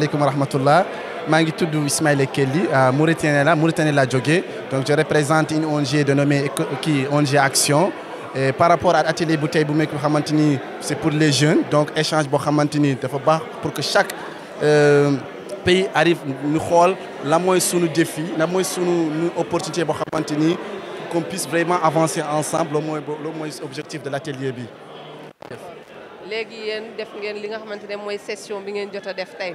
alaykoum wa rahmatullah maa ngi tudd Ismaïla Kelly euh, Mauritanien la Mauritanie la jógee donc je représente une ONG de nommé qui ONG Action et par rapport à atelier bu tey bu mekk xamanteni c'est pour les jeunes donc échange bo xamanteni dafa bax pour que chaque euh, pays arrive ñu xol la moy sunu défi la moy sunu opportunité bo xamanteni qu'on puisse vraiment avancer ensemble le moy loolu objectif de l'atelier bi. légui yéen def ngeen li nga xamante moy session bi ngeen jotta def tay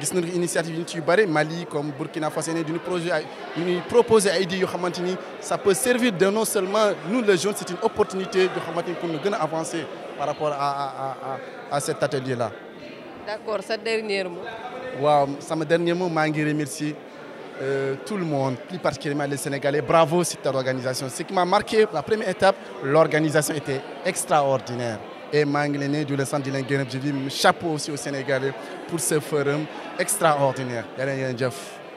gis nañu initiative yi ñu ciy bari Mali comme Burkina Faso né duñu projet ñu ñuy proposer ay ça peut servir de non seulement nous les jeunes c'est une opportunité de xamanteni pour nous faire avancer par rapport à cet atelier là. d'accord sa dernier mot. waaw sama dernier mot ma ngi remercier euh, tout le monde plus particulièrement les Sénégalais bravo cette organisation ce qui m'a marqué la première étape l'organisation était extraordinaire. Et Mangléné, du centre de je dis chapeau aussi au Sénégalais pour ce forum extraordinaire. Jeff.